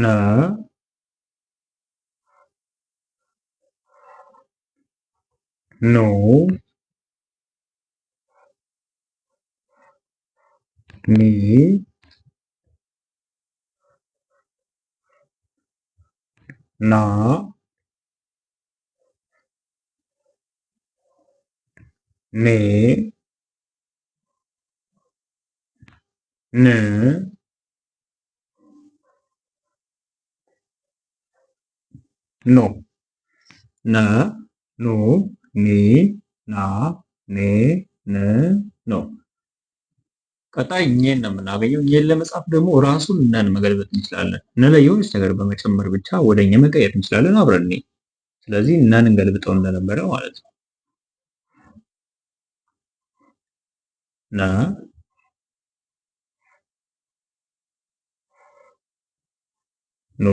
ነ ኖ ኒ ና ኔ ን ኖ ነ ኑ ኒ ና ኔ ን ኖ ቀጣይ እኘን ነው የምናገኘው። እኘን ለመጻፍ ደግሞ ራሱን ነን መገልበጥ እንችላለን። ነ ላይ የሆነች ነገር በመጨመር ብቻ ወደ እኘ መቀየር እንችላለን አብረን። ስለዚህ ነን እንገልብጠው እንደነበረ ማለት ነው። ነ ኑ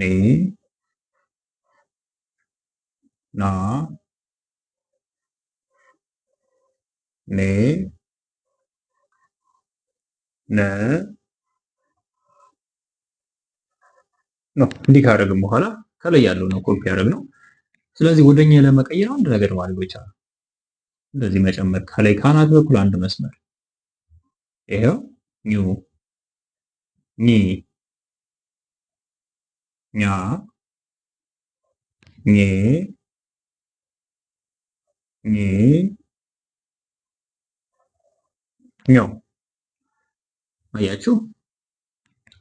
ని እንዲህ ካደረግን በኋላ ከላይ ያለው ነው ኮፒ ያደረግነው። ስለዚህ ወደኛ ለመቀየር አንድ ነገር ማድረግ ብቻ ነው። እንደዚህ መጨመር ከላይ ካናት በኩል አንድ መስመር ይሄው ኒ ኛ ኜ ኜ ኞ አያችሁ።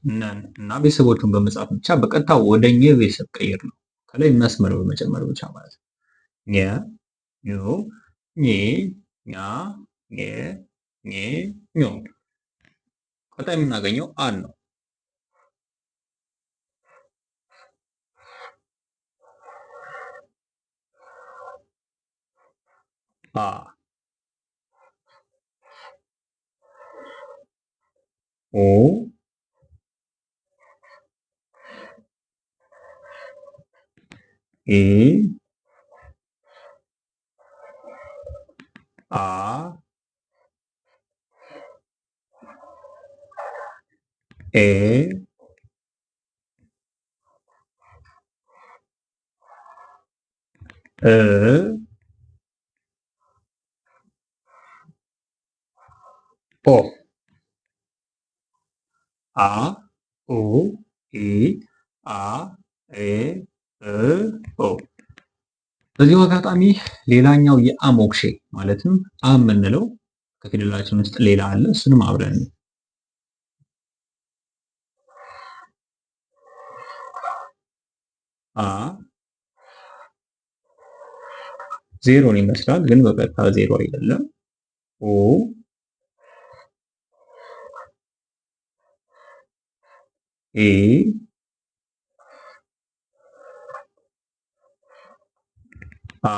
እና ቤተሰቦቹን በመጻፍ ብቻ በቀጥታ ወደ ኘ ቤተሰብ ቀይር ነው። ከላይ መስመር በመጨመር ብቻ ማለት ነው። ኘ ኛ ኜ ኞ። ቀጣይ የምናገኘው አን ነው። 아, 오, 이, 아, 에, 으, ኦ አ ኡ ኢ አ ኤ እ ኦ በዚሁ አጋጣሚ ሌላኛው ሞክሼ ማለትም አ የምንለው ከፊደላችን ውስጥ ሌላ አለ። እሱንም አብረን አ ዜሮን ይመስላል፣ ግን በቀጥታ ዜሮ አይደለም። ኦ ኢ አ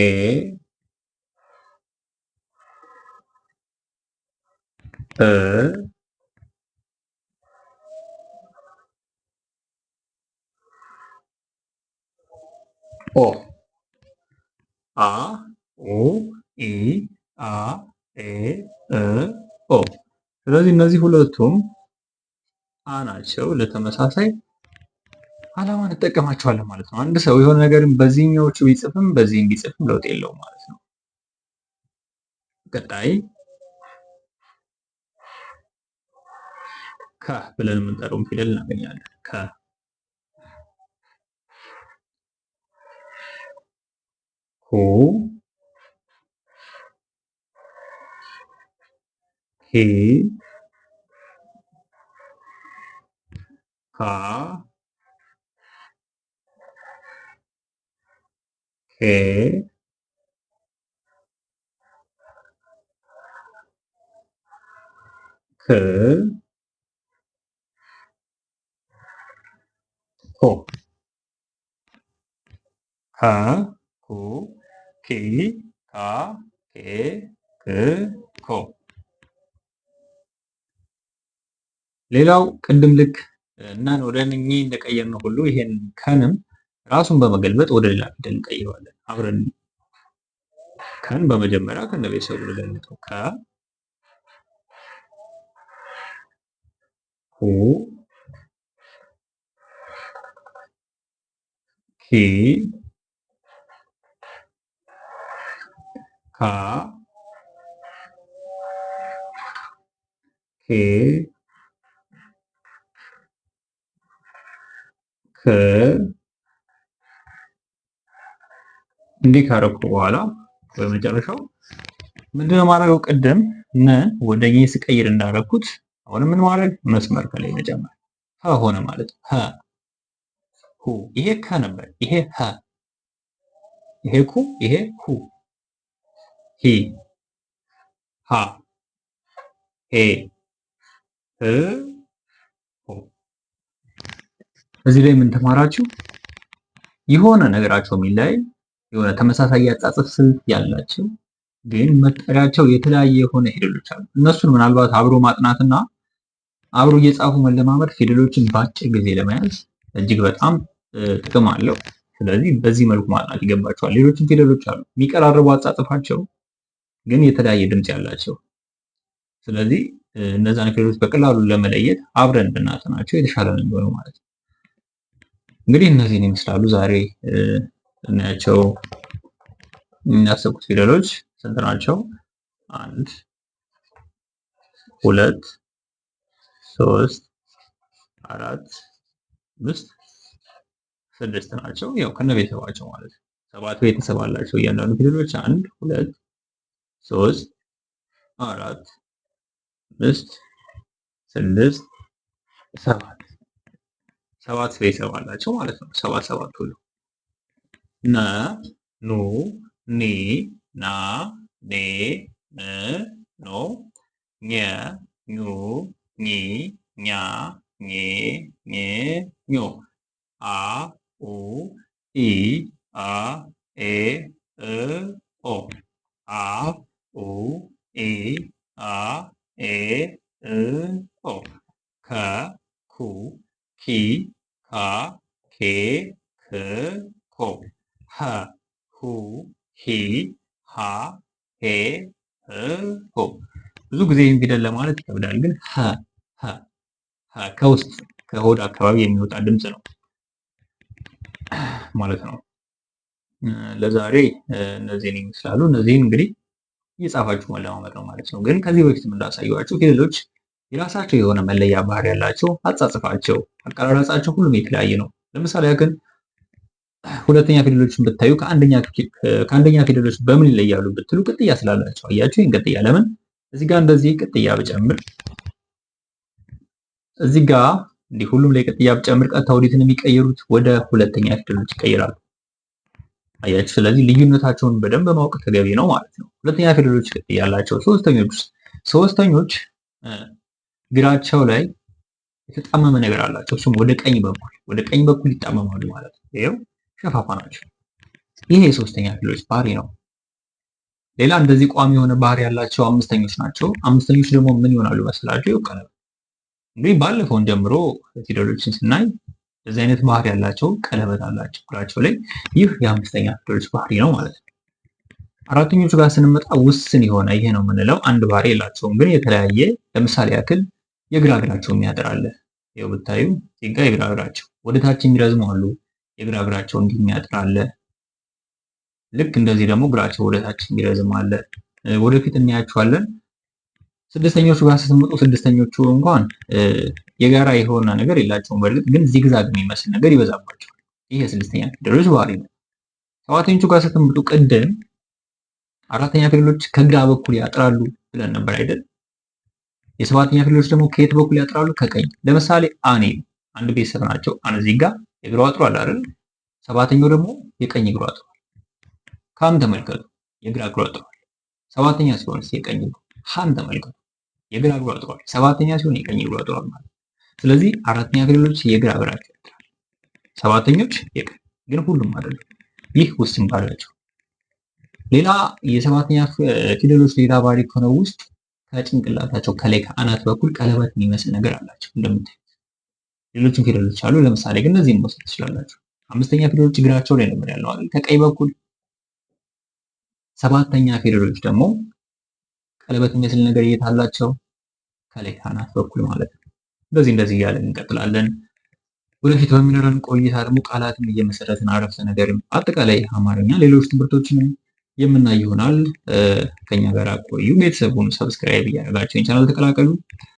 ኤ እ ኦ አ ኡ ኢ አ ኤ እ ኦ። ስለዚህ እነዚህ ሁለቱም አ ናቸው። ለተመሳሳይ ዓላማ እንጠቀማቸዋለን ማለት ነው። አንድ ሰው የሆነ ነገርን በዚህኛዎቹ ቢጽፍም በዚህ ቢጽፍም ለውጥ የለውም ማለት ነው። ቀጣይ ከ ብለን የምንጠራውን ፊደል እናገኛለን። ከ ሁ 해, 가, 개, 그, 호, 가, 구, 기, 가, 개, 그, 고. ሌላው ቅድም ልክ እናን ወደ እኚ እንደቀየር ነው ሁሉ ይሄን ከንም ራሱን በመገልበጥ ወደ ሌላ ፊደል እንቀይረዋለን። አብረን ከን በመጀመሪያ ከነቤተሰቡ ልገልጠው ከ ሁ ኪ ካ ኬ እንዲህ ካረኩት በኋላ በመጨረሻው ምንድነው ማድረገው? ቅድም ነ ወደ ኘ ስቀይር እንዳረኩት አሁን ምን ማድረግ መስመር ከላይ መጨመር ሀ ሆነ ማለት ሀ ሁ ይሄ ከ ነበር። ይሄ ሀ ይሄ ኩ ይሄ ሁ ሂ ሃ ሄ ህ እዚህ ላይ ምን ተማራችሁ? የሆነ ነገራቸው የሚለያይ የሆነ ተመሳሳይ ያጻጽፍ ስልት ያላቸው ግን መጠሪያቸው የተለያየ የሆነ ፊደሎች አሉ። እነሱን ምናልባት አብሮ ማጥናትና አብሮ እየጻፉ መለማመድ ፊደሎችን በአጭር ጊዜ ለመያዝ እጅግ በጣም ጥቅም አለው። ስለዚህ በዚህ መልኩ ማጥናት ይገባቸዋል። ሌሎችም ፊደሎች አሉ የሚቀራረቡ አጻጽፋቸው ግን የተለያየ ድምፅ ያላቸው። ስለዚህ እነዛን ፊደሎች በቀላሉ ለመለየት አብረን ብናጠናቸው የተሻለ ነው የሚሆነው ማለት ነው። እንግዲህ እነዚህን ይመስላሉ ዛሬ እናያቸው የሚያሰብኩት ፊደሎች ስንት ናቸው? አንድ ሁለት ሶስት አራት አምስት ስድስት ናቸው። ያው ከነ ቤተሰባቸው ማለት ነው። ሰባት ቤተሰብ አላቸው እያንዳንዱ ፊደሎች አንድ ሁለት ሶስት አራት አምስት ስድስት ሰባት ሰባት ቤተሰብ አላቸው ማለት ነው። ሰባት ሰባት ሁሉ ነ ኑ ኒ ና ኔ ን ኖ ኘ ኙ ኚ ኛ ኜ ኜ ኞ አ ኡ ኢ አ ኤ እ ኦ አ ኡ ኢ አ ኤ እ ኦ ከ ኩ ሂ ሃ ሄ ህ ሆ ኸ ሁ ሂ ሃ ሄ ህ ሆ ብዙ ጊዜ ይህን ፊደል ለማለት ይከብዳል፣ ግን ሀ ሀ ሀ ከውስጥ ከሆድ አካባቢ የሚወጣ ድምፅ ነው ማለት ነው። ለዛሬ እነዚህን ይመስላሉ። እነዚህን እንግዲህ እየጻፋችሁ መለማመድ ነው ማለት ነው። ግን ከዚህ በፊት እንዳሳየኋችሁ ፊደሎች የራሳቸው የሆነ መለያ ባህሪ ያላቸው አጻጽፋቸው፣ አቀራረጻቸው ሁሉም የተለያየ ነው። ለምሳሌ ግን ሁለተኛ ፊደሎችን ብታዩ ከአንደኛ ፊደሎች በምን ይለያሉ ብትሉ ቅጥያ ስላላቸው። አያቸው ይህን ቅጥያ ለምን እዚህ ጋር እንደዚህ ቅጥያ ብጨምር እዚህ ጋር እንዲህ ሁሉም ላይ ቅጥያ ብጨምር ቀጥታ ወዴትን የሚቀይሩት ወደ ሁለተኛ ፊደሎች ይቀይራሉ። አያችሁ ስለዚህ ልዩነታቸውን በደንብ ማወቅ ተገቢ ነው ማለት ነው። ሁለተኛ ፊደሎች ቅጥያ ያላቸው ሶስተኞች ሶስተኞች ግራቸው ላይ የተጣመመ ነገር አላቸው። እሱም ወደ ቀኝ በኩል ወደ ቀኝ በኩል ይጣመማሉ ማለት ነው። ይኸው ሸፋፋ ናቸው። ይሄ የሶስተኛ ፊደሎች ባህሪ ነው። ሌላ እንደዚህ ቋሚ የሆነ ባህሪ ያላቸው አምስተኞች ናቸው። አምስተኞች ደግሞ ምን ይሆናሉ መስላቸው? ይወቀላሉ። እንግዲህ ባለፈውን ጀምሮ ፊደሎችን ስናይ እንደዚህ አይነት ባህሪ ያላቸው ቀለበት አላቸው እግራቸው ላይ። ይህ የአምስተኛ ፊደሎች ባህሪ ነው ማለት ነው። አራተኞቹ ጋር ስንመጣ ውስን የሆነ ይሄ ነው የምንለው አንድ ባህሪ የላቸውም፣ ግን የተለያየ ለምሳሌ ያክል የግራ እግራቸው የሚያጥር አለ። ይኸው ብታዩ ጤጋ የግራ እግራቸው ወደ ታች የሚረዝሙ አሉ። የግራ እግራቸው እንዲህ የሚያጥር አለ። ልክ እንደዚህ ደግሞ እግራቸው ወደ ታች የሚረዝም አለ። ወደፊት እናያቸዋለን። ስድስተኞቹ ጋር ስትመጡ ስድስተኞቹ እንኳን የጋራ የሆነ ነገር የላቸውም። በእርግጥ ግን ዚግዛግ የሚመስል ነገር ይበዛባቸዋል። ይህ የስድስተኛ ፊደሎች ባህሪ ነው። ሰባተኞቹ ጋር ስትመጡ ቅድም አራተኛ ፊደሎች ከግራ በኩል ያጥራሉ ብለን ነበር አይደል? የሰባተኛ ፊደሎች ደግሞ ከየት በኩል ያጥራሉ? ከቀኝ። ለምሳሌ አኔ አንድ ቤተሰብ ናቸው። አን እዚህ ጋር የግሯ አጥሯል አይደል? ሰባተኛው ደግሞ የቀኝ እግሮ አጥሯል። ካም ተመልከቱ፣ የግራ ግሮ አጥሯል። ሰባተኛ ሲሆን የቀኝ እግሩ። ሃን ተመልከቱ፣ የግራ እግሯ አጥሯል። ሰባተኛ ሲሆን የቀኝ እግሯ አጥሯል ማለት። ስለዚህ አራተኛ ፊደሎች የግራ እግራቸው ያጥራል፣ ሰባተኞች የቀኝ ግን ሁሉም አይደለም። ይህ ውስን ባላቸው ሌላ የሰባተኛ ፊደሎች ሌላ ባህሪ ከሆነው ውስጥ ከጭንቅላታቸው ከላይ ከአናት በኩል ቀለበት የሚመስል ነገር አላቸው እንደምታዩት። ሌሎችም ፊደሎች አሉ። ለምሳሌ ግን እነዚህም መውሰድ ትችላላቸው። አምስተኛ ፊደሎች እግራቸው ላይ ነበር ያለው አይደል? ከቀኝ በኩል። ሰባተኛ ፊደሎች ደግሞ ቀለበት የሚመስል ነገር እየታላቸው ከላይ ከአናት በኩል ማለት ነው። እንደዚህ እንደዚህ እያለን እንቀጥላለን። ወደፊት በሚኖረን ቆይታ ደግሞ ቃላትን እየመሰረትን አረፍተ ነገርም አጠቃላይ አማርኛ ሌሎች ትምህርቶችንም የምናይ ይሆናል። ከኛ ጋር ቆዩ። ቤተሰቡን ሰብስክራይብ እያደረጋቸው ቻናል ተቀላቀሉ።